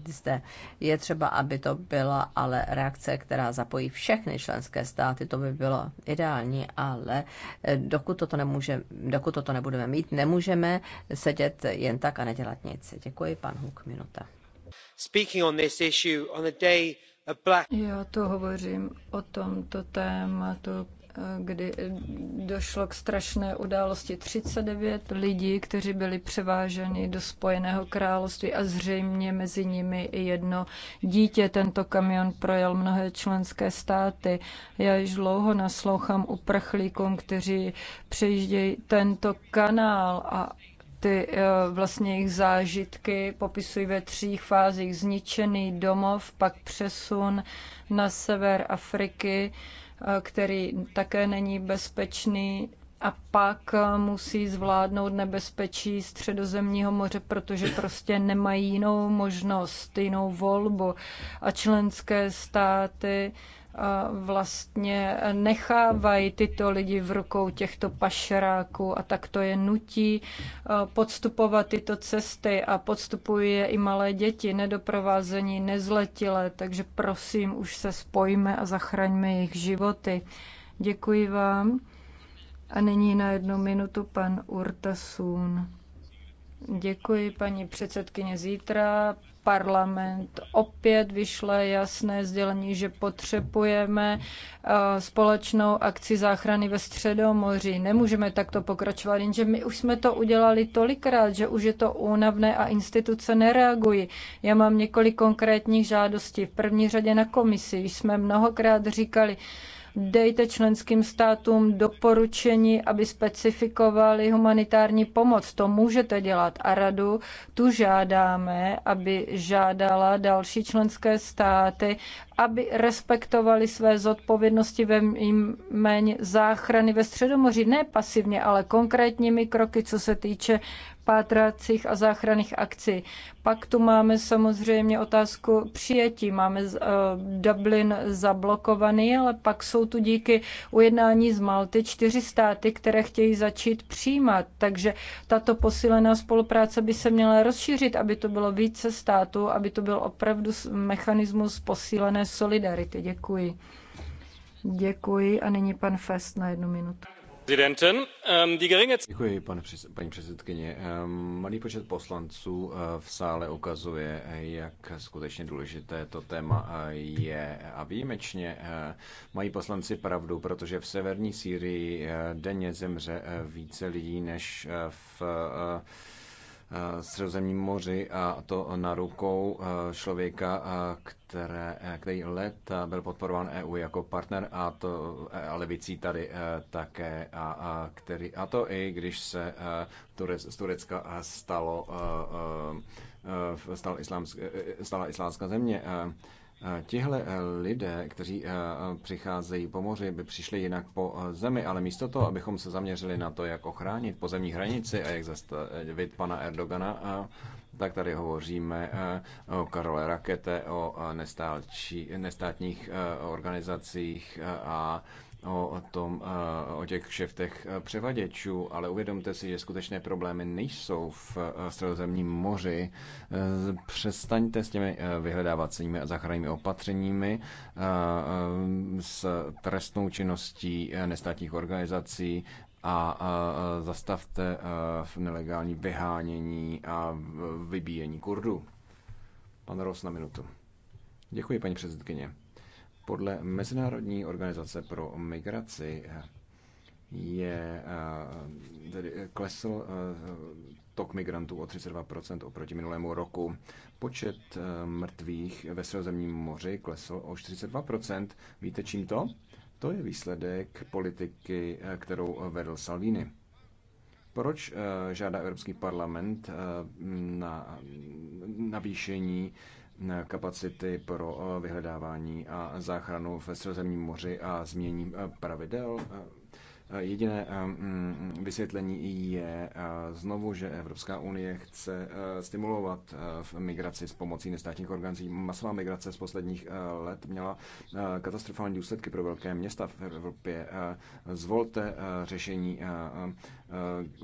zde je třeba, aby to byla ale reakce, která zapojí všechny členské státy, to by bylo ideální, ale eh, dokud toto, nemůže, dokud toto nebudeme mít, nemůžeme sedět jen tak a nedělat nic. Děkuji, pan Huk, minuta. Speaking on this issue on day já to hovořím o tomto tématu kdy došlo k strašné události 39 lidí, kteří byli převáženi do Spojeného království a zřejmě mezi nimi i jedno dítě. Tento kamion projel mnohé členské státy. Já již dlouho naslouchám uprchlíkům, kteří přejíždějí tento kanál a ty eh, vlastně jejich zážitky popisují ve třích fázích. Zničený domov, pak přesun na sever Afriky, Eh, který také není bezpečný a pak eh, musí zvládnout nebezpečí středozemního moře, protože prostě nemají jinou možnost, jinou volbu. A členské státy vlastně nechávají tyto lidi v rukou těchto pašeráků a tak to je nutí podstupovat tyto cesty a podstupují je i malé děti, nedoprovázení, nezletilé, takže prosím, už se spojíme a zachraňme jejich životy. Děkuji vám. A nyní na jednu minutu pan Urtasun. Děkuji, paní předsedkyně. Zítra parlament opět vyšle jasné sdělení, že potřebujeme eh, společnou akci záchrany ve Středomoří. Nemůžeme takto pokračovat, jenže my už jsme to udělali tolikrát, že už je to únavné a instituce nereagují. Já mám několik konkrétních žádostí. V první řadě na komisi jsme mnohokrát říkali, Dejte členským státům doporučení, aby specifikovali humanitární pomoc. To můžete dělat. A radu tu žádáme, aby žádala další členské státy, aby respektovali své zodpovědnosti ve jméně záchrany ve Středomoří. Ne pasivně, ale konkrétními kroky, co se týče pátracích a záchranných akcí. Pak tu máme samozřejmě otázku přijetí. Máme eh, Dublin zablokovaný, ale pak jsou tu díky ujednání z Malty čtyři státy, které chtějí začít přijímat. Takže tato posílená spolupráce by se měla rozšířit, aby to bylo více států, aby to byl opravdu mechanismus posílené solidarity. Děkuji. Děkuji a nyní pan Fest na jednu minutu. Ähm, paní předsedkyně. Ähm, malý počet poslanců äh, v sále ukazuje, äh, jak skutečně důležité to téma äh, je. A výjimečně mají poslanci pravdu, protože v severní Sýrii denně zemře více lidí než v Eh, Středozemním moři a to na rukou eh, člověka, eh, které, který let byl podporován EU jako partner a to a levicí tady také a, a, který, a to i když se Turec, z Turecka stalo, stalo islámsk, stala islámská země. Tihle eh, lidé, kteří eh, přicházejí po moři, by přišli jinak po eh, zemi, ale místo toho, abychom se zaměřili na to, jak ochránit pozemní hranici a jak zastavit pana Erdogana, tak tady hovoříme o Karole Rakete, o nestátních organizacích a o, tom, o těch kšeftech převaděčů, ale uvědomte si, že skutečné problémy nejsou v středozemním moři. E, přestaňte s těmi e, vyhledávacími a záchrannými opatřeními, s trestnou činností e, nestátních organizací, a zastavte v nelegální vyhánění a vybíjení Kurdů. Pan Ros na minutu. Děkuji, paní předsedkyně. Podle Mezinárodní organizace pro migraci je eh, tedy klesl eh, tok migrantů o 32% oproti minulému roku. Počet eh, mrtvých ve Středozemním moři klesl o 42%. Víte čím to? To je výsledek politiky, kterou vedl Salvini. Proč žádá Evropský parlament na navýšení Eh, kapacity pro eh, vyhledávání a záchranu ve Středozemním moři a změní eh, pravidel? Eh, jediné eh, mm, vysvětlení je eh, znovu, že Evropská unie chce stimulovat v migraci s pomocí nestátních organizací. Masová migrace z posledních let měla katastrofální důsledky pro velké města v Evropě. Zvolte řešení,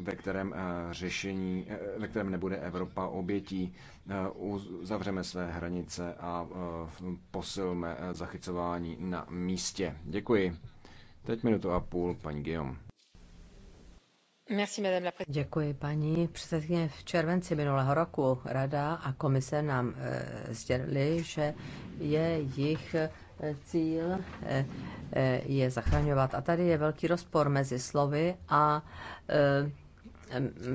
ve kterém řešení, ve kterém nebude Evropa obětí. zavřeme své hranice a posilme zachycování na místě. Děkuji. Teď minutu a půl, paní Guillaume. Děkuji, paní předsedkyně. V červenci minulého roku Rada a komise nám e, sdělili, že je jich eh, cíl eh, je zachraňovat. A tady je velký rozpor mezi slovy a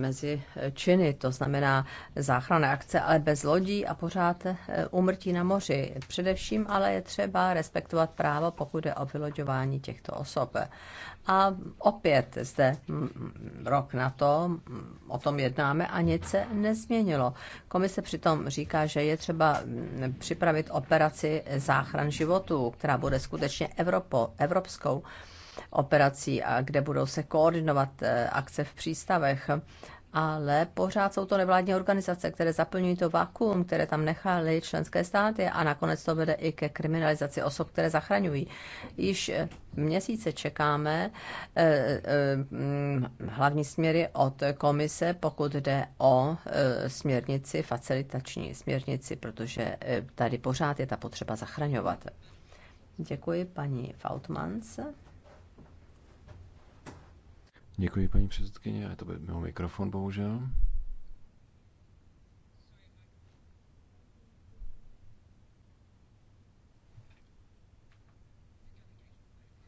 mezi činy, to znamená záchranné akce, ale bez lodí a pořád umrtí eh, na moři. Především ale je třeba respektovat právo, pokud je o vyloďování těchto osob. A opět zde mm, mm, rok na to mm, o tom jednáme a nic se nezměnilo. Komise přitom říká, že je třeba připravit operaci záchran životů, která bude skutečně Evropo, evropskou operací a kde budou se koordinovat eh, akce v přístavech. Ale pořád jsou to nevládní organizace, které zaplňují to vakuum, které tam nechali členské státy a nakonec to vede i ke kriminalizaci osob, které zachraňují. Již eh, měsíce čekáme eh, mm, hlavní směry od komise, pokud jde o směrnici, facilitační směrnici, protože tady pořád je ta potřeba zachraňovat. Děkuji paní Fautmans. Děkuji, paní předsedkyně, A to by mimo mikrofon, bohužel.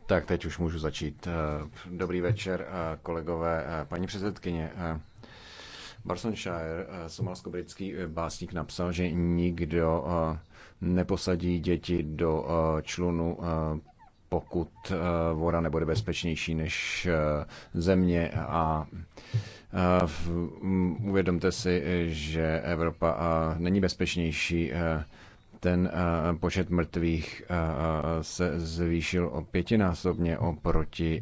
Tak teď už můžu začít. Eh, dobrý večer, eh, kolegové, eh, paní předsedkyně. Barson Shire, somalsko-britský básník, napsal, že nikdo neposadí děti do člunu pokud eh, voda nebude bezpečnější než eh, země a eh, uvědomte si, že Evropa není bezpečnější ten počet mrtvých se zvýšil o pětinásobně oproti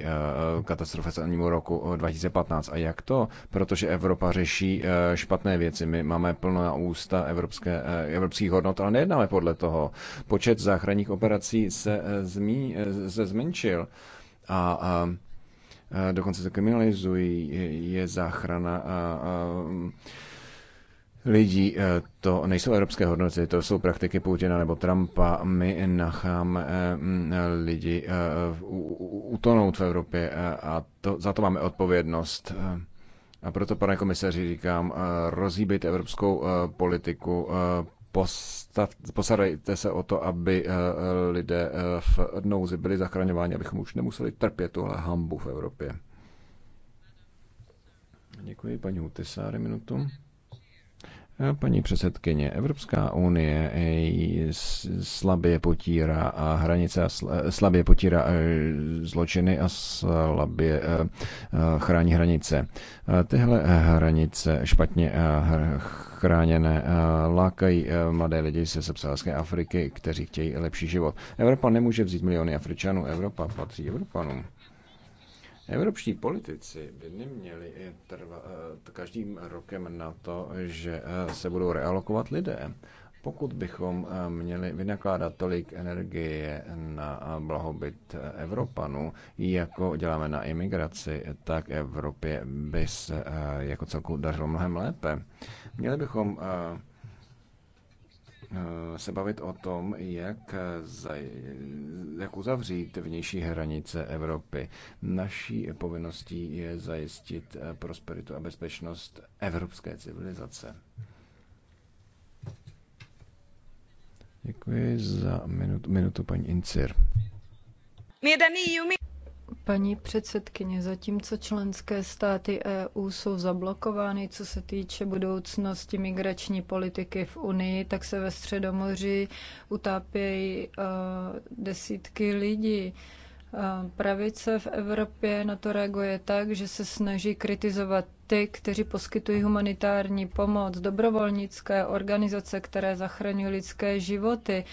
katastrofálnímu roku 2015. A jak to? Protože Evropa řeší špatné věci. My máme plná ústa evropské, evropských hodnot, ale nejednáme podle toho. Počet záchranných operací se, e, zmí, e, se zmenšil. A, a dokonce se kriminalizují, je záchrana a, a, lidí. Eh, to nejsou evropské hodnoty, to jsou praktiky Putina nebo Trumpa. My nacháme eh, mm, lidi eh, utonout v Evropě a to, za to máme odpovědnost. A proto, pane komisaři, říkám, rozhýbejte evropskou politiku, postav, postarejte se o to, aby lidé v nouzi byli zachraňováni, abychom už nemuseli trpět tuhle hambu v Evropě. Děkuji, paní Hutisáry, minutu. Paní předsedkyně, Evropská unie slabě potírá a hranice a eh, slabě potírá eh, zločiny a slabě eh, chrání hranice. Tyhle hranice špatně chráněné lákají mladé lidi ze subsaharské Afriky, kteří chtějí lepší život. Evropa nemůže vzít miliony Afričanů, Evropa patří Evropanům. Evropští politici by neměli trvat eh, každým rokem na to, že eh, se budou realokovat lidé. Pokud bychom eh, měli vynakládat tolik energie na blahobyt Evropanů, jako děláme na imigraci, tak Evropě by se jako celku dařilo mnohem lépe. Měli bychom Eh, se bavit o tom, jak, za, jak uzavřít vnější hranice Evropy. Naší povinností je zajistit eh, prosperitu a bezpečnost evropské civilizace. Děkuji za minutu, minutu paní Incir. Paní předsedkyně, zatímco členské státy EU jsou zablokovány, co se týče budoucnosti migrační politiky v Unii, tak se ve Středomoří utápějí eh, desítky lidí. Eh, pravice v Evropě na to reaguje tak, že se snaží kritizovat ty, kteří poskytují humanitární pomoc, dobrovolnické organizace, které zachraňují lidské životy.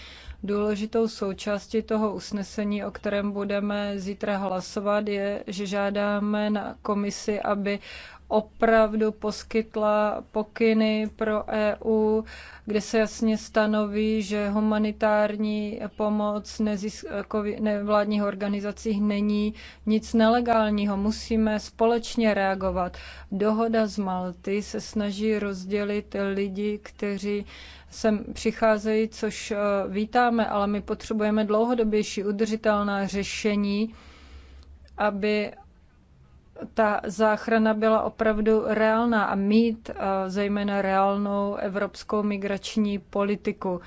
Důležitou součástí toho usnesení, o kterém budeme zítra hlasovat, je, že žádáme na komisi, aby opravdu poskytla pokyny pro EU, kde se jasně stanoví, že humanitární pomoc nevládních organizacích není nic nelegálního. Musíme společně reagovat. Dohoda z Malty se snaží rozdělit lidi, kteří sem přicházejí, což eh, vítáme, ale my potřebujeme dlouhodobější udržitelná řešení, aby ta záchrana byla opravdu reálná a mít eh, zejména reálnou evropskou migrační politiku.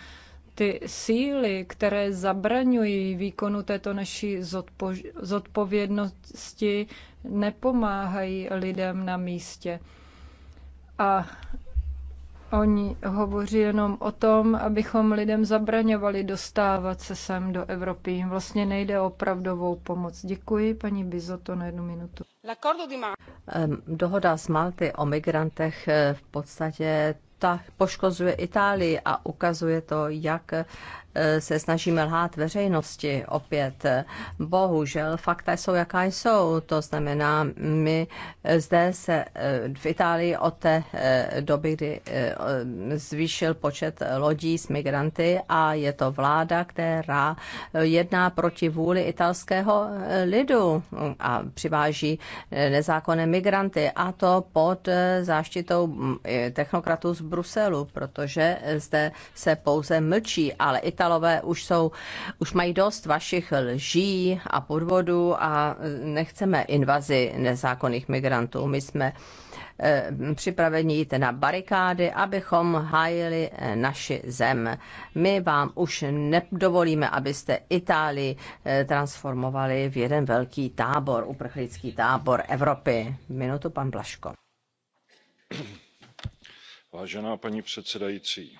Ty síly, které zabraňují výkonu této naší zodpo- zodpovědnosti, nepomáhají lidem na místě. A Oni hovoří jenom o tom, abychom lidem zabraňovali dostávat se sem do Evropy. Vlastně nejde o opravdovou pomoc. Děkuji, paní Bizoto, na jednu minutu. Dohoda s Malty o migrantech eh, v podstatě ta poškozuje Itálii a ukazuje to, jak Eh, se snažíme lhát veřejnosti opět. Bohužel fakta jsou, jaká jsou. To znamená, my eh, zde se eh, v Itálii od té doby, kdy zvýšil počet lodí s migranty a je to vláda, která jedná proti vůli italského lidu a přiváží nezákonné migranty a to pod záštitou mm, technokratů z Bruselu, protože zde se pouze mlčí, ale i Italové už, jsou, už mají dost vašich lží a podvodů a nechceme invazi nezákonných migrantů. My jsme eh, připraveni jít na barikády, abychom hájili eh, naši zem. My vám už nedovolíme, abyste Itálii eh, transformovali v jeden velký tábor, uprchlický tábor Evropy. Minutu, pan Blaško. Vážená paní předsedající,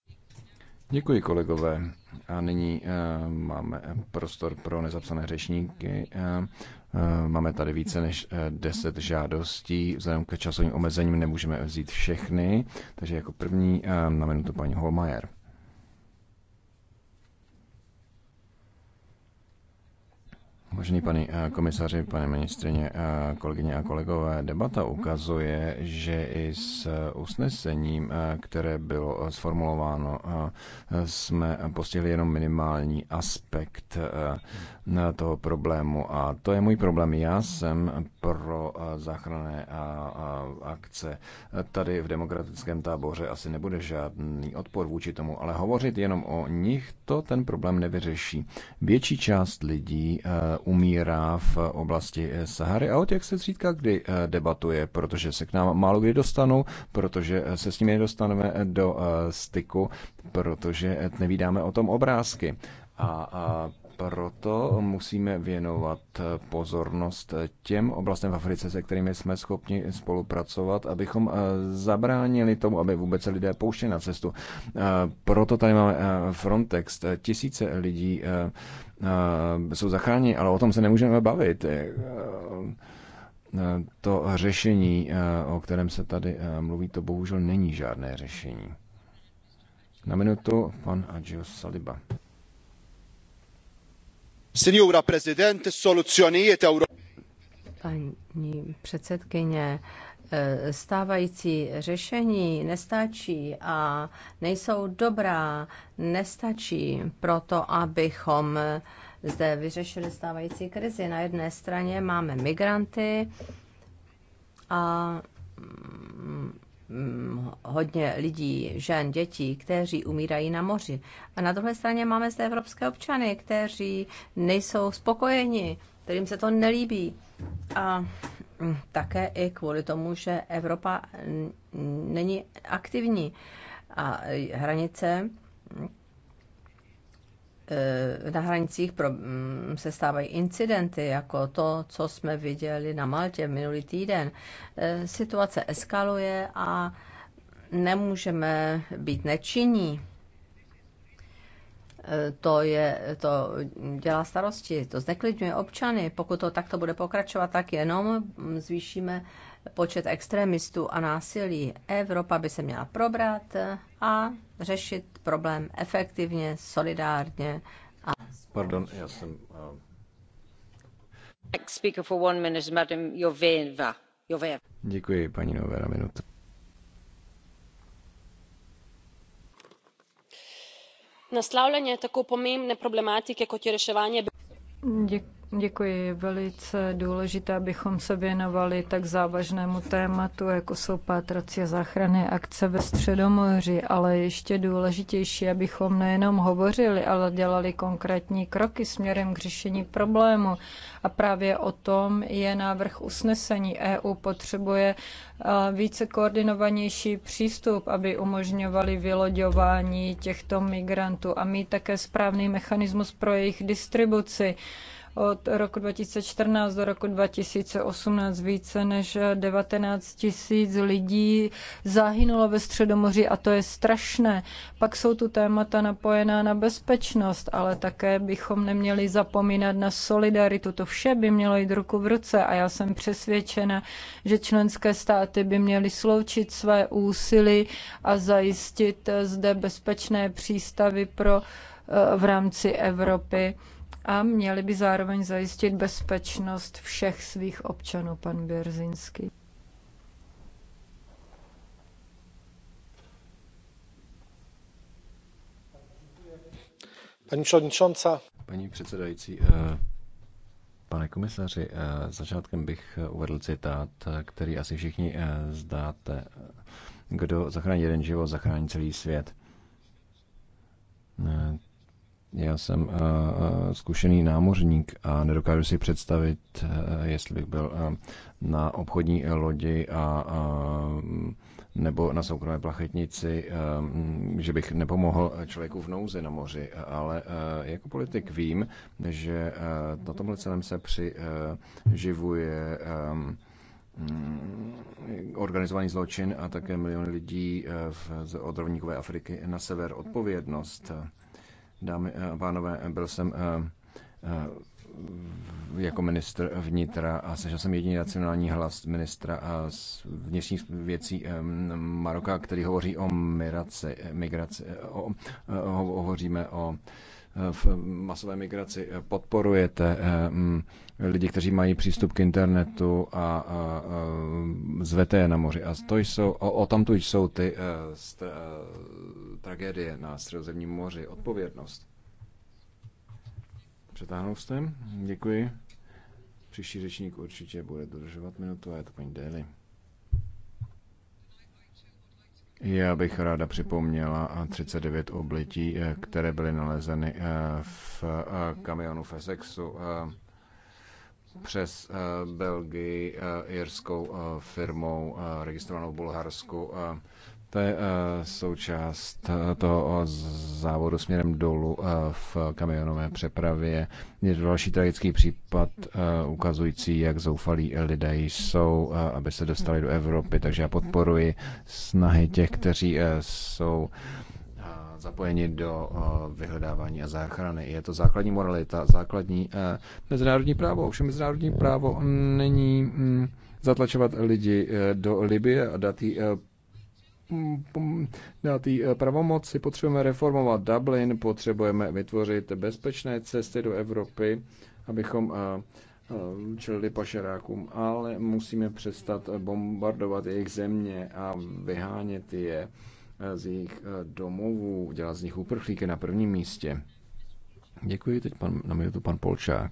Děkuji kolegové. A nyní uh, máme prostor pro nezapsané řečníky. Uh, uh, máme tady více než uh, 10 žádostí. Vzhledem k časovým omezením nemůžeme vzít všechny. Takže jako první uh, na minutu paní Holmajer. Vážený pane eh, komisaři, pane ministrině, eh, kolegyně a kolegové, debata ukazuje, že i s eh, usnesením, které bylo sformulováno, jsme postihli jenom minimální aspekt toho problému. A to je můj problém. Já jsem pro záchranné akce. Tady v demokratickém táboře asi nebude žádný odpor vůči tomu, ale hovořit jenom o nich, to ten problém nevyřeší. Větší část lidí umírá v oblasti eh, Sahary a o těch se zřídka kdy eh, debatuje, protože se k nám málo kdy dostanou, protože eh, se s nimi nedostaneme do styku, protože nevídáme o tom obrázky. A, a proto musíme věnovat pozornost těm oblastem v Africe, se kterými jsme schopni spolupracovat, abychom eh, zabránili tomu, aby vůbec lidé pouštěli na cestu. Eh, proto tady máme eh, Frontex. Tisíce lidí jsou zachráněni, ale o tom se nemůžeme bavit. To řešení, o kterém se tady mluví, to bohužel není žádné řešení. Na minutu pan Adjos Saliba. Paní předsedkyně, eh, stávající řešení nestačí a nejsou dobrá, nestačí proto, abychom zde vyřešili stávající krizi. Na jedné straně máme migranty a mm, Mm, hodně lidí, žen, dětí, kteří umírají na moři. A na druhé straně máme zde evropské občany, kteří nejsou spokojeni, kterým se to nelíbí. A mm, také i kvůli tomu, že Evropa není aktivní. A hranice Eh, na hranicích pro, mm, se stávají incidenty, jako to, co jsme viděli na Maltě minulý týden. Eh, situace eskaluje a nemůžeme být nečinní. Eh, to, je, to dělá starosti, to zneklidňuje občany. Pokud to takto bude pokračovat, tak jenom mm, zvýšíme počet extremistů a násilí. Evropa by se měla probrat a řešit problém efektivně, solidárně a... Pardon, já jsem... Eh, speaker for one minute, Madam Joveva. Joveva. Děkuji, paní Novera, minuta. Naslavljanje tako pomembne problematike, kot je reševanje... Děkuji Děkuji. Je velice důležité, abychom se věnovali tak závažnému tématu, jako jsou pátrací a záchrany akce ve Středomoři, ale ještě důležitější, abychom nejenom hovořili, ale dělali konkrétní kroky směrem k řešení problému. A právě o tom je návrh usnesení. EU potřebuje e, více koordinovanější přístup, aby umožňovali vyloďování těchto migrantů a mít také správný mechanismus pro jejich distribuci od roku 2014 do roku 2018 více než 19 tisíc lidí zahynulo ve Středomoří a to je strašné. Pak jsou tu témata napojená na bezpečnost, ale také bychom neměli zapomínat na solidaritu. To vše by mělo jít ruku v ruce a já jsem přesvědčena, že členské státy by měly sloučit své úsilí a zajistit zde bezpečné přístavy pro eh, v rámci Evropy a měli by zároveň zajistit bezpečnost všech svých občanů, pan Běrzinský. Paní předsedající. Paní předsedající, eh, pane komisaři, eh, začátkem bych eh, uvedl citát, který asi všichni zdáte. Kdo zachrání jeden život, zachrání celý svět já jsem eh, eh, zkušený námořník a nedokážu si představit, eh, jestli bych byl na obchodní lodi a nebo na soukromé plachetnici, že bych nepomohl člověku v nouzi na moři, ale jako politik vím, že na tomhle celém se přiživuje mm, organizovaný zločin a také miliony lidí z odrovníkové Afriky na sever odpovědnost. Dámy a pánové, byl jsem eh, eh, jako ministr vnitra a sežil jsem jediný racionální hlas ministra a z vnitřních věcí eh, Maroka, který hovoří o migraci, migraci o, o, hovoříme o v masové migraci, podporujete mm, lidi, kteří mají přístup k internetu a zvete je na moři. A to jsou, o, o tamtu jsou ty eh, eh, tragédie na středozemním moři, odpovědnost. Přetáhnul jste? Děkuji. Příští řečník určitě bude dodržovat minutu a je to paní Daly. Já bych ráda připomněla 39 obletí, eh, které byly nalezeny eh, v eh, kamionu Fesexu, přes Belgii, irskou firmou registrovanou v Bulharsku. To je eh, součást eh, toho závodu směrem dolů eh, v kamionové přepravě. Je to další tragický případ ukazující, jak zoufalí lidé jsou, aby se dostali do Evropy. Takže já podporuji snahy těch, kteří jsou zapojeni do vyhledávání a záchrany. Je to základní moralita, základní mezinárodní právo. Ovšem mezinárodní právo není mm, zatlačovat lidi do Libie a dát jí na té eh, pravomoci, potřebujeme reformovat Dublin, potřebujeme vytvořit bezpečné cesty do Evropy, abychom eh, eh, čelili pašerákům, ale musíme přestat bombardovat jejich země a vyhánět je z jejich domovů, dělat z nich uprchlíky na prvním místě. Děkuji, teď pan, na minutu pan Polčák.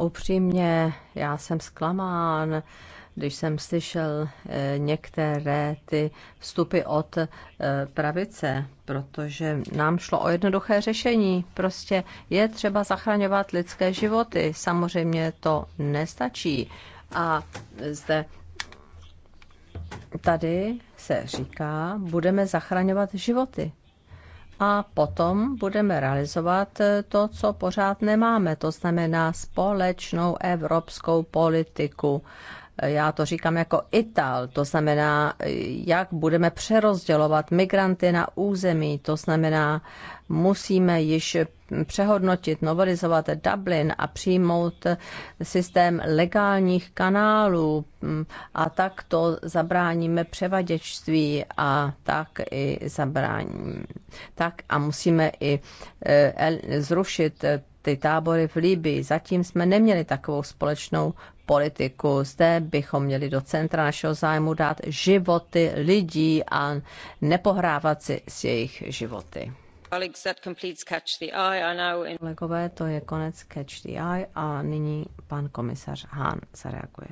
Upřímně, já jsem zklamán, když jsem slyšel eh, některé ty vstupy od eh, pravice, protože nám šlo o jednoduché řešení. Prostě je třeba zachraňovat lidské životy. Samozřejmě to nestačí. A zde tady se říká, budeme zachraňovat životy a potom budeme realizovat eh, to, co pořád nemáme, to znamená společnou evropskou politiku já to říkám jako Ital, to znamená, jak budeme přerozdělovat migranty na území, to znamená, musíme již přehodnotit, novelizovat Dublin a přijmout systém legálních kanálů a tak to zabráníme převaděčství a tak i zabráníme. Tak a musíme i eh, zrušit ty tábory v Líbii. Zatím jsme neměli takovou společnou politiku. Zde bychom měli do centra našeho zájmu dát životy lidí a nepohrávat si s jejich životy. Kolegové, to je konec Catch the Eye a nyní pan komisař Hahn zareaguje.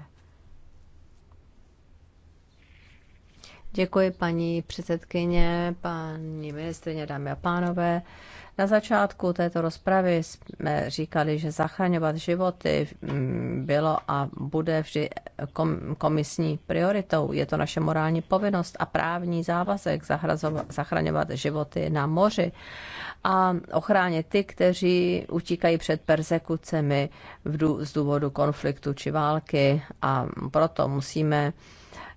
Děkuji paní předsedkyně, paní ministrině, dámy a pánové. Na začátku této rozpravy jsme říkali, že zachraňovat životy mm, bylo a bude vždy komisní prioritou. Je to naše morální povinnost a právní závazek zachraňovat životy na moři a ochránit ty, kteří utíkají před persekucemi z důvodu konfliktu či války a proto musíme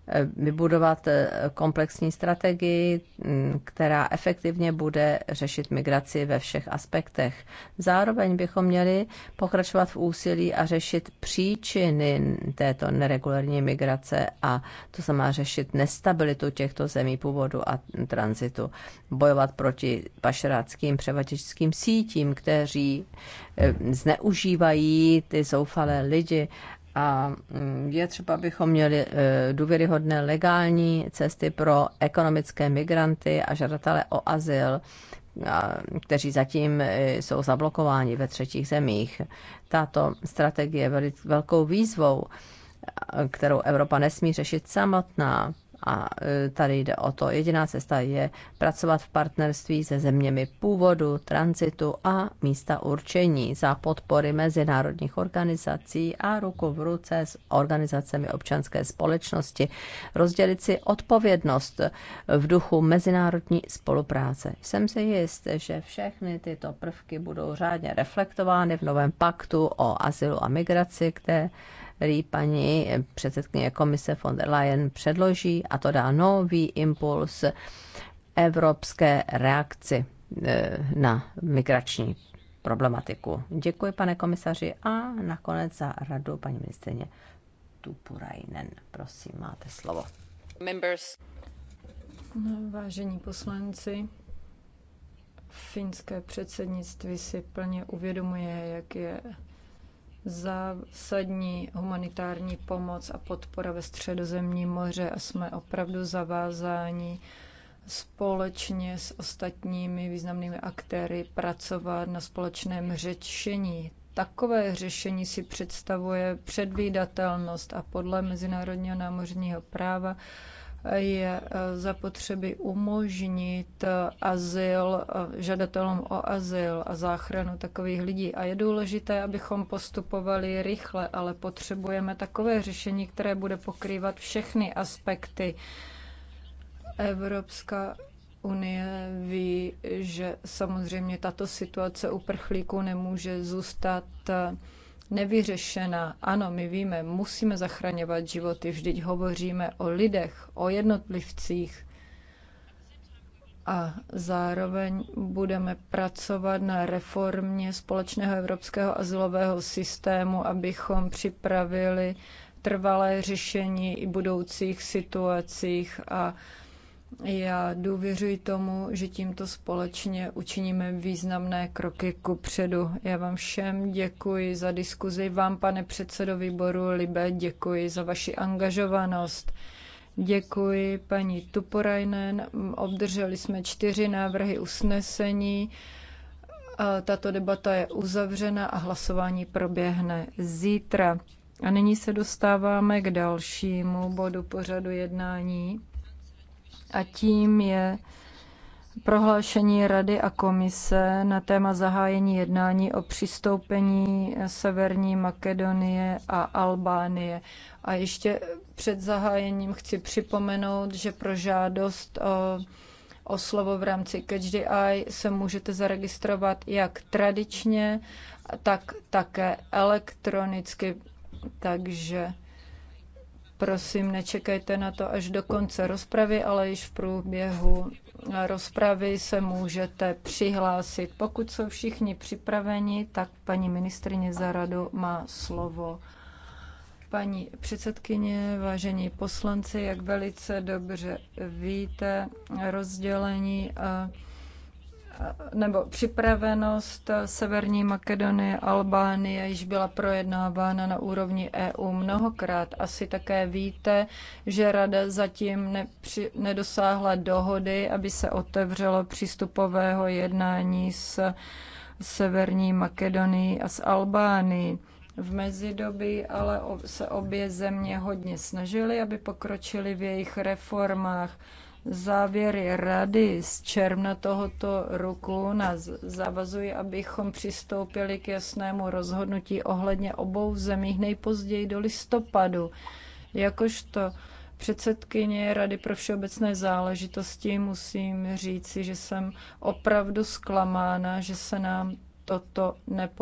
Eh, vybudovat eh, komplexní strategii, mm, která efektivně bude řešit migraci ve všech aspektech. Zároveň bychom měli pokračovat v úsilí a řešit příčiny této neregulární migrace a to se má řešit nestabilitu těchto zemí původu a tranzitu. Bojovat proti pašeráckým převaděčským sítím, kteří eh, zneužívají ty zoufalé lidi a mm, je třeba, abychom měli e, důvěryhodné legální cesty pro ekonomické migranty a žadatele o azyl, kteří zatím e, jsou zablokováni ve třetích zemích. Tato strategie je velkou výzvou, kterou Evropa nesmí řešit samotná. A e, tady jde o to, jediná cesta je pracovat v partnerství se zeměmi původu, tranzitu a místa určení za podpory mezinárodních organizací a ruku v ruce s organizacemi občanské společnosti. Rozdělit si odpovědnost v duchu mezinárodní spolupráce. Jsem si jist, že všechny tyto prvky budou řádně reflektovány v novém paktu o azylu a migraci, které který paní předsedkyně komise von der Leyen předloží a to dá nový impuls evropské reakci e, na migrační problematiku. Děkuji, pane komisaři. A nakonec za radu paní ministrině Tupurainen. Prosím, máte slovo. Members. No, vážení poslanci, finské předsednictví si plně uvědomuje, jak je zásadní humanitární pomoc a podpora ve středozemní moře a jsme opravdu zavázáni společně s ostatními významnými aktéry pracovat na společném řešení. Takové řešení si představuje předvídatelnost a podle mezinárodního námořního práva je eh, zapotřebí umožnit eh, azyl eh, žadatelům o azyl a záchranu takových lidí. A je důležité, abychom postupovali rychle, ale potřebujeme takové řešení, které bude pokrývat všechny aspekty. Evropská unie ví, že samozřejmě tato situace uprchlíků nemůže zůstat nevyřešená. Ano, my víme, musíme zachraňovat životy, vždyť hovoříme o lidech, o jednotlivcích a zároveň budeme pracovat na reformě společného evropského azylového systému, abychom připravili trvalé řešení i budoucích situacích a já důvěřuji tomu, že tímto společně učiníme významné kroky ku předu. Já vám všem děkuji za diskuzi, vám, pane předsedo výboru Libe, děkuji za vaši angažovanost. Děkuji paní Tuporajnen. Obdrželi jsme čtyři návrhy usnesení. Tato debata je uzavřena a hlasování proběhne zítra. A nyní se dostáváme k dalšímu bodu pořadu jednání a tím je prohlášení Rady a komise na téma zahájení jednání o přistoupení Severní Makedonie a Albánie. A ještě před zahájením chci připomenout, že pro žádost o, o slovo v rámci Catch the Eye se můžete zaregistrovat jak tradičně, tak také elektronicky. Takže Prosím, nečekejte na to až do konce rozpravy, ale již v průběhu rozpravy se můžete přihlásit. Pokud jsou všichni připraveni, tak paní ministrině za radu má slovo. Paní předsedkyně, vážení poslanci, jak velice dobře víte, rozdělení a eh, nebo připravenost Severní Makedonie, Albánie již byla projednávána na úrovni EU mnohokrát. Asi také víte, že Rada zatím nepři, nedosáhla dohody, aby se otevřelo přístupového jednání s Severní Makedonii a s Albánií. V mezidobí ale se obě země hodně snažily, aby pokročili v jejich reformách. Závěry rady z června tohoto roku nás zavazují, abychom přistoupili k jasnému rozhodnutí ohledně obou zemí nejpozději do listopadu. Jakožto předsedkyně Rady pro všeobecné záležitosti musím říci, že jsem opravdu zklamána, že se nám toto nepodařilo.